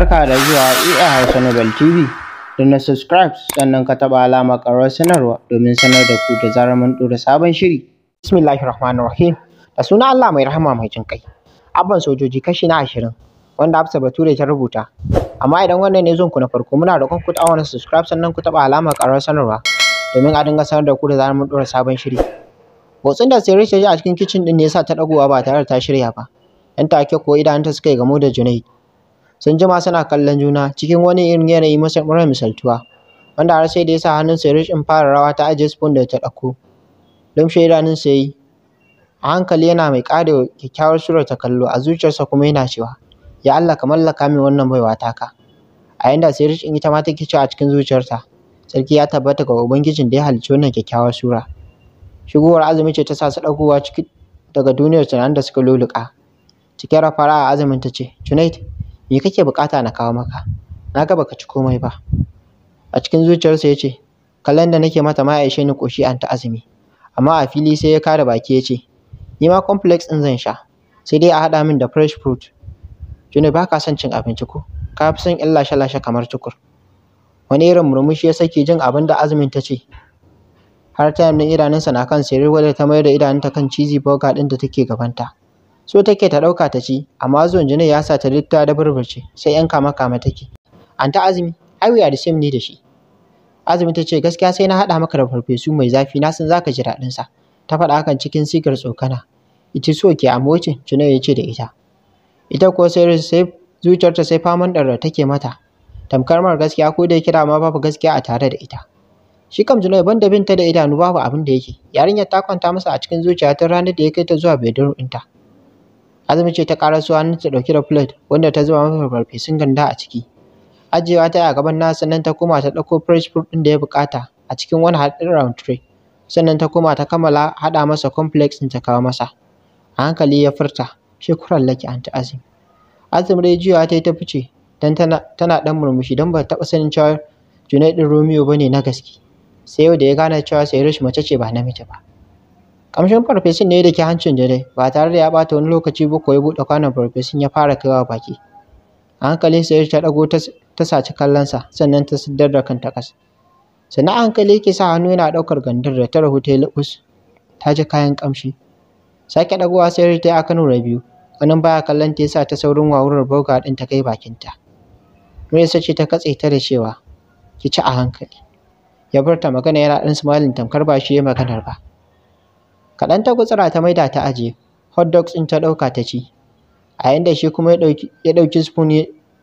Barka da zuwa EA Hausa Nobel TV. Da na subscribe sannan ka taɓa alama ƙarar sanarwa domin sanar da ku da zarar mun ɗora sabon shiri. Bismillahir Rahmanir Rahim. Da suna Allah mai rahama mai jin ƙai. Abban sojoji kashi na ashirin wanda Hafsa Bature ta rubuta. Amma idan wannan ne zonku na farko muna roƙon ku ta'awana subscribe sannan ku taɓa alama ƙarar sanarwa domin a dinga sanar da ku da zarar mun ɗora sabon shiri. Motsin da sai ta ji a cikin kicin ɗin ne yasa ta dagowa ba tare da ta shirya ba. Yan take ko idanunta suka yi gamo da Junaid. sun jima suna kallon juna cikin wani irin yanayi mara misaltuwa wanda har sai da ya sa hannunsa Rich in fara rawa ta ajiye spoon da ta ɗauko. Lumshe idanunsa ya yi a hankali yana mai ƙara kyakkyawar surar ta kallo a zuciyarsa kuma yana cewa ya Allah ka mallaka min wannan baiwa taka a yanda sai Rich in ita ma take cewa a cikin zuciyarta sarki ya tabbata ga ubangijin da ya halicci wannan kyakkyawar sura shigowar azumi ce ta sa su ɗaukowa daga duniyar tunanin da suka luluka cike da a azumin ta ce Junaid me kake buƙata na kawo maka na ga baka ci komai ba a cikin zuciyarsa ya ce kallon da nake mata ma ya ni ƙoshi an ta azumi amma a fili sai ya kare baki ya ce ni ma complex in zan sha sai dai a haɗa min da fresh fruit Juni ba ka son cin abinci ko ka fi son in lashe-lashe kamar tukur wani irin murmushi ya sake jin abin da azumin ta ce har ta yamma idanunsa na kan sirir wadda ta mayar da idanunta kan cheesy burger ɗin da take gabanta so take ta ɗauka ta ci amma zuwan jinin ya sa ta duk ta da burburce sai yan kama kama take anta azumi ai wuya da sim ne da shi azumi ta ce gaskiya sai na haɗa maka da farfesu mai zafi na san zaka ji daɗin sa ta faɗa hakan cikin sigar tsokana ita so ke amocin jinin ya ce da ita ita ko sai sai zuciyarta sai faman ɗarra take mata tamkar mara gaskiya ko da kira ma babu gaskiya a tare da ita shi kam Junai banda binta da idanu babu abin da yake yarinyar ta kwanta masa a cikin zuciya tun ranar da ya kai ta zuwa bedroom ɗinta Azumi ce ta karaso ta dauki da plate wanda ta zuba masa farfesun ganda a ciki. Ajiyewa ta a gaban nasa sannan ta koma ta ɗauko fresh fruit ɗin da ya bukata a cikin wani hadin round tray. Sannan ta koma ta kammala haɗa masa complex in ta kawo masa. A hankali ya furta, shekuran laki anti Azumi. Azumi dai juyawa ta yi ta fice dan tana tana dan murmushi dan ba ta taba sanin cewa Junaid din Romeo bane na gaske. Sai yau da ya gane cewa Sairish mace ce ba namiji ba. Kamshin farfesun ne da ke hancin dare, ba tare da ya ɓata wani lokaci ba ko ya buɗe kwanon farfesun ya fara kaiwa baki. A hankali sai ta ɗago ta saci kallonsa, sannan ta siddar da kanta ƙasa. Sannan a hankali yake sa hannu yana ɗaukar gandar da ta rahu ta yi lubus, ta ji kayan ƙamshi. Sake ɗagowa sai ta yi a Kano biyu, ganin baya kallon ta yasa ta saurin wawurar boga din ta kai bakinta. Muryarsa ce ta katse ta da cewa, ki ci a hankali. Ya furta magana yana ɗan smiling tamkar ba shi ya maganar ba. kaɗan ta gutsura ta maida ta ajiye. hot dogs ɗin ta ɗauka ta ci a yanda shi kuma ya ɗauki spoon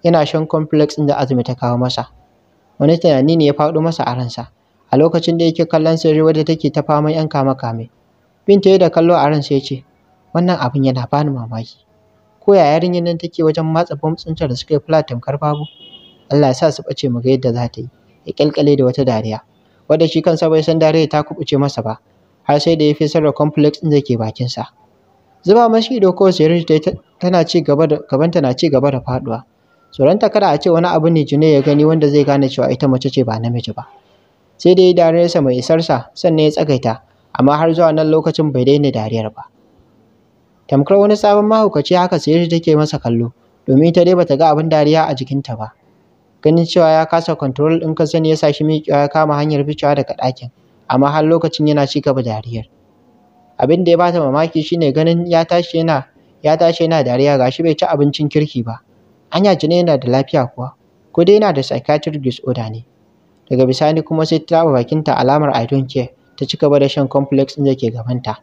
yana shan complex ɗin da azumi ta kawo masa wani tunani ne ya faɗo masa a ransa a lokacin da yake kallon sirri wadda take ta fama yan kame kame binta yi da kallo a ransa ya ce wannan abin yana bani mamaki ko ya yarinyar nan take wajen matsa bamtsinta da suka yi flat tamkar babu Allah ya sa su ɓace mu ga yadda za ta yi ya ƙyalƙyale da wata dariya wadda shi kansa bai san dariya ta kuɓuce masa ba har sai da ya fi fesar da complex ɗin da ke sa Zuba mashi ido ko Sirin tana ci gaba da gabanta na ci gaba da faduwa. Tsoronta kada a ce wani abu ne jine ya gani wanda zai gane cewa ita mace ce ba namiji ba. Sai dai sa mai isarsa sannan ya tsagaita amma har zuwa nan lokacin bai daina dariyar ba. Tamkar wani sabon mahaukaci haka Sirin take masa kallo domin ita dai bata ga abin dariya a jikinta ba. Ganin cewa ya kasa control ɗin ka sani ya sa shi miƙewa ya kama hanyar ficewa daga ɗakin. amma har lokacin yana ci gaba dariyar abin da ya bata mamaki shine ganin ya tashi yana ya tashi yana dariya gashi bai ci abincin kirki ba anya jini yana da lafiya kuwa ko dai yana da psychiatric disorder ne daga bisani kuma sai ta taba bakinta alamar i don't care ta ci gaba da shan complex din da ke gabanta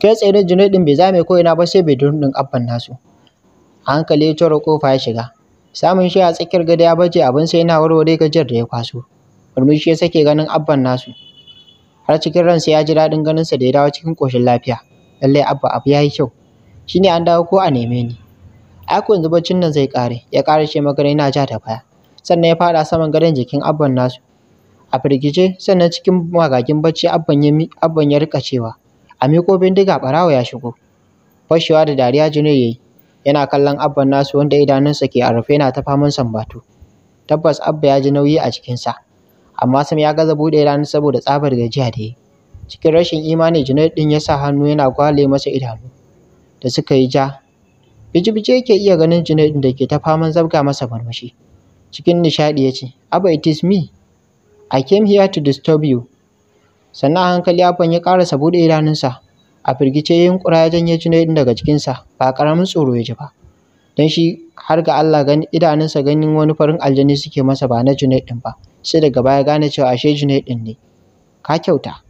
kai tsaye jini din bai zame ko ina ba sai bai din abban nasu a hankali ya tura kofa ya shiga samun shi a tsakiyar gada ya baje abin sai yana warware gajiyar da ya kwaso murmushi ya sake ganin abban nasu har cikin ransa ya ji daɗin ganinsa da ya dawo cikin ƙoshin lafiya lallai abba abu ya yi kyau Shi ne an dawo ko a neme ni ai ko yanzu baccin nan zai ƙare ya ce magana yana ja da baya sannan ya faɗa saman gadon jikin abban nasu a firgice sannan cikin magagin bacci abban ya abban ya riƙa cewa a miƙo bindiga ɓarawo ya shigo fashewa da dariya jini ya yi yana kallon abban nasu wanda idanunsa ke a rufe yana ta faman sambatu tabbas abba ya ji nauyi a jikinsa amma Sam ya gaza buɗe idanu saboda tsabar gajiya da yi. Cikin rashin imani Junaid ɗin ya sa hannu yana gwale masa idanu da suka yi ja. Biji-biji yake iya ganin Junaid da ke ta faman zabga masa murmushi. Cikin nishaɗi ya ce, Abba it is me. I came here to disturb you. Sannan a hankali Abban ya ƙarasa buɗe idanunsa. A firgice yin yunƙura ya janye Junaid daga jikinsa ba ƙaramin tsoro ya ji ba. Don shi har ga Allah gani idanunsa ganin wani farin aljani suke masa ba na Junaid ɗin ba. sai daga baya gane cewa ashe Junaid din ne ka kyauta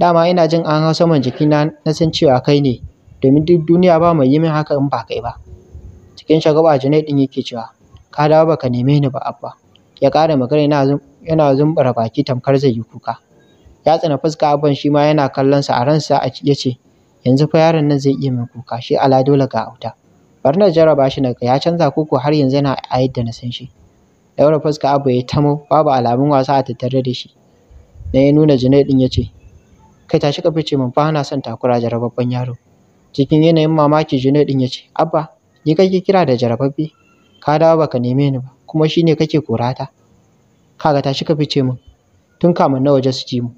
dama ina jin an hau saman jikina na san cewa kai ne domin duk duniya ba mai yi min haka in ba kai ba cikin shagaba Junaid din yake cewa ka dawo baka neme ni ba abba ya ƙara magana yana zumbura baki tamkar zai yi kuka ya tsina fuska abban shi ma yana kallon sa a ransa ya ce yanzu fa yaron nan zai iya min kuka shi ala dole ga auta bari na jarraba shi na ya canza koko har yanzu yana a yadda na san shi Daura fuska Abu ya tamo babu alamun wasa a tattare da shi. Na ya nuna Junaid ya ce, Kai tashi ka fice min ba na son takura jarababben yaro. Cikin yanayin mamaki Junaid din ya ce, Abba, ni kake kira da jarababbe? Ka dawo baka neme ni ba, kuma shine ne kake korata. Kaga tashi ka fice min. Tun kamun na waje su ji mu.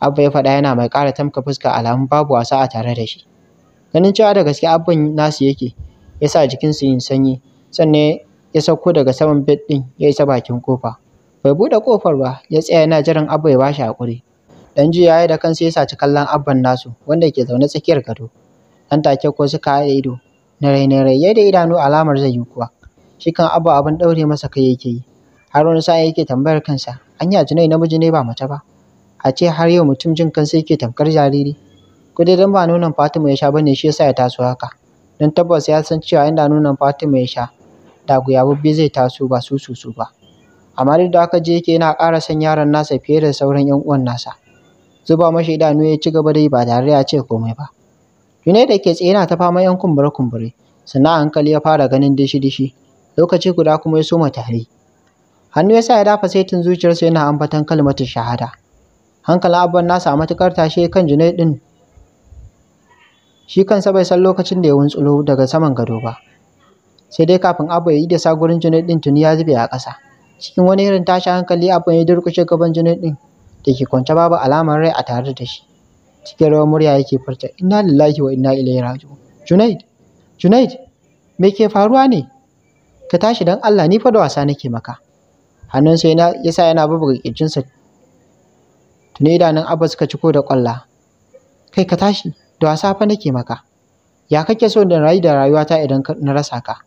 Abba ya faɗa yana mai ƙara tamka fuska alamun babu wasa a tare da shi. Ganin cewa da gaske abban nasu yake, yasa sa jikinsu yin sanyi, sannan ya sauko daga saman bed ɗin ya isa bakin kofa. Bai buɗe kofar ba, ya tsaya yana jiran Abba ya bashi haƙuri. Dan juya ya da kansa ya saci kallon Abban nasu wanda ke zaune tsakiyar gado. Dan take ko suka haɗa ido, na rai ya da idanu alamar zai yi kuwa. Shi kan Abba abin ɗaure masa kai yake yi. Har wani sa'a yake tambayar kansa, anya jinai namiji ne ba mace ba. A ce har yau mutum jin kansa yake tamkar jariri. Ko dai dan ba nonon Fatima ya sha bane shi yasa ya taso haka. Don tabbas ya san cewa inda nonon Fatima ya sha da guyababbe zai taso ba su susu ba amma duk da haka JK yana ƙara son yaron nasa fiye da sauran 'yan uwan nasa zuba mashi idanu ya ci gaba dai ba tare ya ce komai ba Yune da ke tsaye yana ta fama 'yan kumbure kumbure sannan hankali ya fara ganin dishi dishi lokaci guda kuma ya soma tari hannu ya sa ya dafa saitin zuciyarsa yana ambaton kalmatin shahada hankalin abban nasa a matukar tashe kan Junaid din shi kansa bai san lokacin da ya wuntsulo daga saman gado ba sai dai kafin Abba ya yi da sagurin Junaid din tuni ya zube a ƙasa cikin wani irin tashi hankali Abba ya durkushe gaban Junaid din da ke kwance babu alamar rai a tare da shi cikin rawar murya yake furta inna lillahi wa inna ilaihi raji'un Junaid Junaid me ke faruwa ne ka tashi dan Allah ni fa da wasa nake maka hannunsa yana yasa yana bubuga kirjinsa tuni idanun Abba suka ciko da kwalla kai ka tashi da wasa fa nake maka ya kake so da rayu da rayuwata idan na rasa ka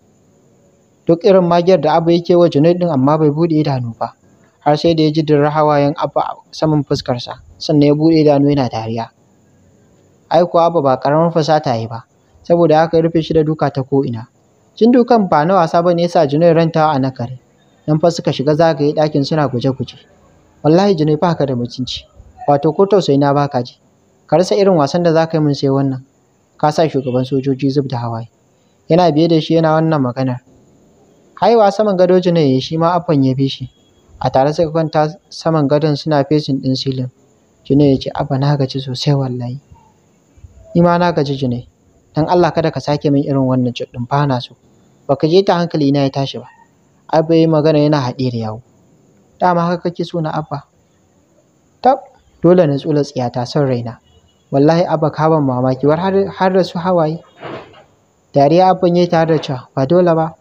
duk irin magiyar da abu yake wa Junaid din amma bai bude idanu ba har sai da ya ji dirar hawayen abu a saman fuskarsa sannan ya bude idanu yana dariya ai kuwa Abba ba karamin fasata yi ba saboda haka ya rufe shi da duka ta ko ina jin dukan ba na wasa bane yasa Junaid ranta a nakare nan fa suka shiga zagaye ɗakin suna guje-guje wallahi Junaid ba da mutunci wato ko tausayi na baka ji ka rasa irin wasan da zaka yi min sai wannan ka sa shugaban sojoji zub da hawaye yana biye da shi yana wannan maganar Haiwa saman gado janar ya shi ma abban ya bi a tare suka kwanta saman gadon suna fesin ɗin silin jine ya ce abba na gaji sosai wallahi ni na gaji jine dan Allah kada ka sake min irin wannan jaddin ba na so baka je ta hankali na ya tashi ba abba ya magana yana haɗe da yawo dama haka kake so na abba tab dole na tsula ta son raina wallahi abba ka ban mamaki war har da su hawaye dariya abban ya tare da cewa ba dole ba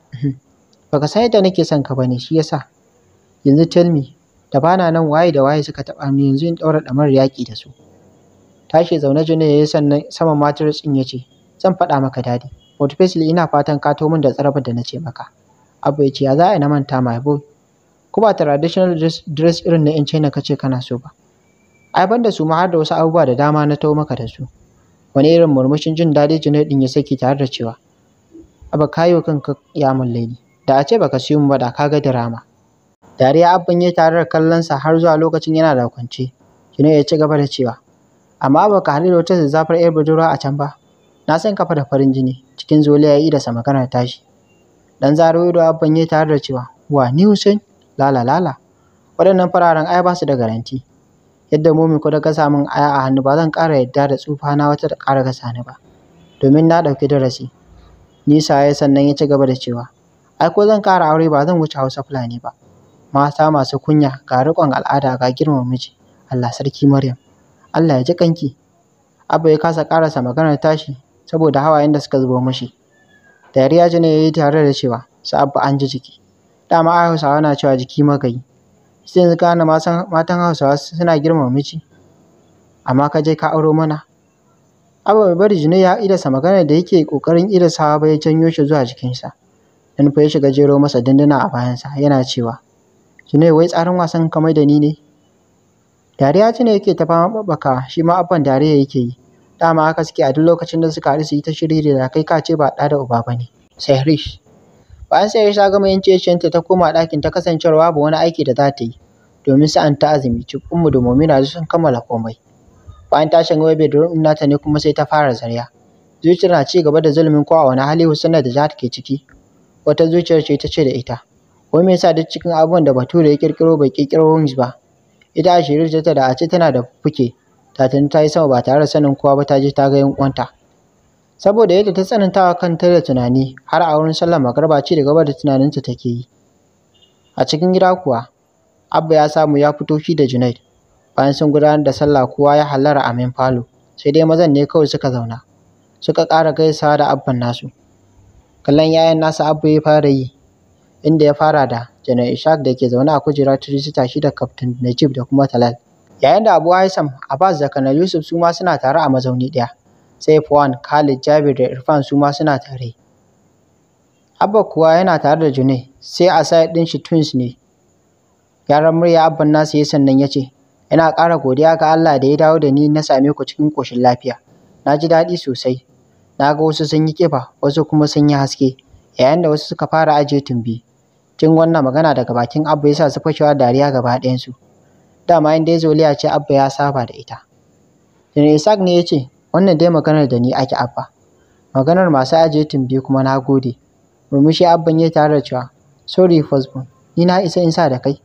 baka san yadda nake son ka bane shi yasa yanzu tell me da bana nan waye da waye suka taba ni yanzu in ɗaura ɗamar yaƙi da su tashi zaune jini ya yi sannan saman matar tsin ya ce zan faɗa maka dadi but ina fatan ka min da tsarabar da na ce maka abu yace ya za a na manta my boy ko ba traditional dress irin na 'yan China kace kana so ba ai banda su ma har da wasu abubuwa da dama na tawo maka da su wani irin murmushin jin daɗi Junaid din ya saki tare da cewa aba kayo kanka ya mullaini da a ce baka siyo mu ba da kaga dirama dariya abban ya tare da kallonsa har zuwa lokacin yana da kwance kino ya ci gaba da cewa amma baka haɗu da wata zafar yar budurwa a can ba na san kafa da farin jini cikin zoliya ya yi da maganar tashi dan zaro ido abban ya tare da cewa wa ni Hussein lala lala waɗannan fararen ai ba su da garanti yadda momi ko da gasa min aya a hannu ba zan ƙara yadda da tsufa na wata da ƙara gasa ni ba domin na ɗauki darasi nisa ya sannan ya ci gaba da cewa ai ko zan ƙara aure ba zan wuce Hausa Fulani ba mata masu kunya ga riƙon al'ada ga girmama miji Allah sarki Maryam Allah ya ji kanki Abba ya kasa ƙarasa maganar tashi saboda hawayen da suka zubo mashi dariya ji ne yi tare da cewa su Abba an ji jiki dama ai Hausawa na cewa jiki magayi sai yanzu kana matan Hausawa suna girmama miji amma ka je ka auro mana Abba bai bari jini ya idasa maganar da yake ƙoƙarin idasawa ba ya janyo shi zuwa jikinsa. Dan fa ya shiga jero masa dinduna a bayansa yana cewa, Junai wai tsarin wasan mai da ni ne? Dariya ne yake ta fama babbaka shi ma abban dariya yake yi. Dama haka suke a duk lokacin da suka haɗu su yi ta shiri da kai ka ce ba ɗa da uba ba ne. Sehrish. Bayan Sehrish ta gama yin ciyacinta ta koma ɗakin ta kasancewa ba wani aiki da za ta yi. Domin sa'an ta azumi ci kunmu da momi na sun kammala komai. Bayan ta shiga bedroom nata ne kuma sai ta fara zarya. Zuciyar na ci gaba da zulumin kowa wani hali Husna da Jihar ke ciki. wata zuciyar ce ta ce da ita wai me yasa duk cikin abubuwan da Bature ya kirkiro bai kirkiro wings ba ita a shirye ta da a ce tana da fuke ta tuni ta yi sama ba tare da sanin kowa ba ta je ta ga yan saboda yadda ta wa kanta da tunani har a wurin sallar magarba ce da gaba da tunaninta take yi a cikin gida kuwa abba ya samu ya fito shi da junaid bayan sun gudanar da sallah kowa ya hallara a main falo sai dai mazan ne kawai suka zauna suka ƙara gaisawa da abban nasu Kallon 'ya'yan nasa Abba ya fara yi, inda ya fara da Janar Ishaq da ke zaune a kujera tirisita shi da Kaftin Najib da kuma Talal. Yayin da Abu haisam Abbas da Kanar Yusuf su ma suna tare a mazauni ɗaya. Sai Fuwan, Khalid, Jabir da Irfan su ma suna tare. Abba kuwa yana tare da Junai, sai a side ɗin shi twins ne. Yaran murya Abban nasu ya sannan ya ce, Ina ƙara godiya ga Allah da ya dawo da ni na same ku cikin ƙoshin lafiya. Na ji daɗi sosai. Na ga wasu sun yi ƙiba, wasu kuma sun yi haske, yayin da wasu suka fara ajiye tumbi. Jin wannan magana daga bakin Abba yasa su fashewa dariya gaba ɗayansu. Dama in dai zoliya ce Abba ya saba da ita. Jini Isaac ne ya ce, wannan dai maganar da ni ake Abba. Maganar masu ajiye tumbi kuma na gode. Murmushi Abban ya tare da cewa, sorry Fosbon, ni na isa in sa da kai.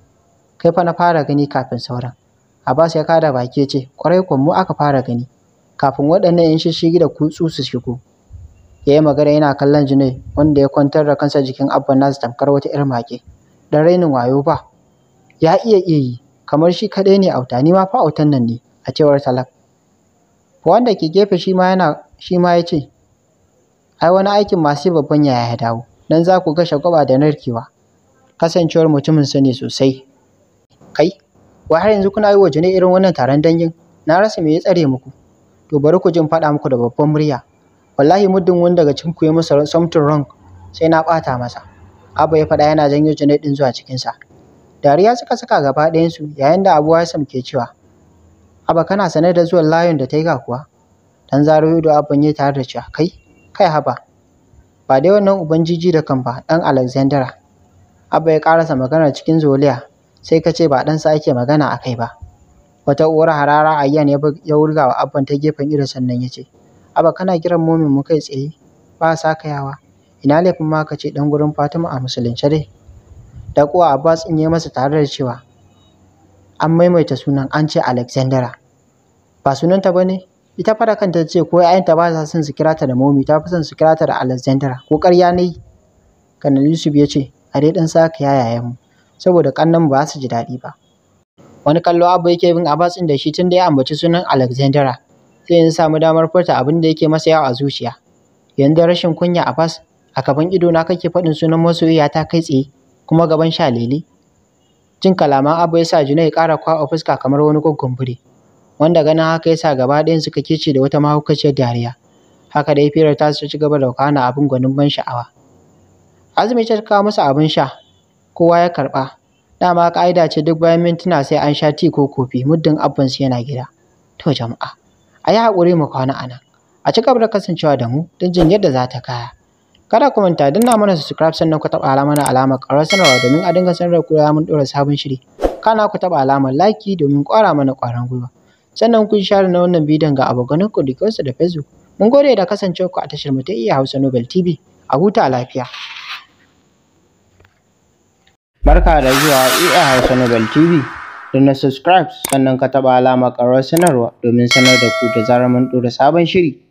Kai fa na fara gani kafin sauran. Abbas ya kada baki ya ce, kwarai kwammu mu aka fara gani. kafin waɗannan 'yan shishigi da kutsu su shigo. Ya yi magana yana kallon Junaid wanda ya kwantar da kansa jikin Abba nasu tamkar wata 'yar mage Dan rainin wayo ba. Ya iya iya yi, kamar shi kaɗai ne auta, ni ma fa autan nan ne, a cewar Talak. Wanda ke gefe shi ma yana shi ma ya ce, ai wani aikin masu babban yaya ya dawo, nan za ku ga shagwaba da narkewa. Kasancewar mutumin su ne sosai. Kai, wai har yanzu kuna yi wa Junaid irin wannan taron dangin? Na rasa me ya tsare muku. to bari ku jin faɗa muku da babban murya wallahi muddin wani daga cikin ku ya masa something wrong sai na ɓata masa Abba ya faɗa yana janyo jinai ɗin zuwa cikinsa. Dariya suka saka gaba ɗayansu yayin da Abu Hassan ke cewa, Abba kana sane da zuwan layon da ta yi kuwa? Dan zaro ido Abban ya tare da cewa, kai, kai haba. Ba dai wannan uban jiji da kan ba, ɗan Alexandra. Abba ya ƙarasa magana cikin zoliya, sai ka ce ba ɗansa ake magana a kai ba. Wata uwar harara Ayyan ya wurga wa Abban ta gefen ido sannan ya ce, Abba kana kiran momin mu kai tsaye, ba sakayawa, ina laifin ma ka ce dan gurin Fatima a musulunce dai. kuwa Abbas in ya masa tare da cewa, an maimaita sunan an ce Alexandra. Ba sunanta ba ne? Ita fara kanta ce ko ya'yan ba sa son su kira ta da momi ta fi son su kira ta da Alexandra ko ƙarya ne yi. Yusuf ya ce, a dai dan ɗan yayayen mu. saboda ƙannen ba su ji daɗi ba. wani kallo abu yake bin Abbas ɗin da shi tun da ya ambaci sunan Alexandra sai yi samu damar furta abin da yake masa yawa a zuciya yanzu rashin kunya Abbas a gaban ido na kake faɗin sunan masoyiya ta kai tsaye kuma gaban shalele jin kalaman Abba ya sa Junai ƙara kwaɓa fuska kamar wani guggumbure wanda ganin haka ya sa gaba ɗayan suka kece da wata mahaukaciyar dariya haka da dai firar ta ci gaba da kana abin gwanin ban sha'awa azumi ta kawo masa abin sha kowa ya karɓa dama ƙa'ida ce duk bayan mintuna sai an sha ti ko kofi muddin su yana gida to jama'a a yi haƙuri mu kwana a nan a ci gaba da kasancewa da mu don jin yadda za ta kaya kada ku manta na mana subscribe sannan ku taɓa alamar alamar ƙarar sanarwa domin a dinga sanar da ku mun ɗora sabon shiri kana ku taɓa alamar laki domin ƙwara mana ƙwarin gwiwa sannan kun share na wannan bidiyon ga abokanan ku da da facebook mun gode da kasancewa ku a tashar mu ta iya e hausa nobel tv a huta lafiya Barka da zuwa EA Hausa Nobel TV. Da na subscribe sannan ka taɓa alamar ƙarar sanarwa domin sanar da ku da zarar mun ɗora sabon shiri.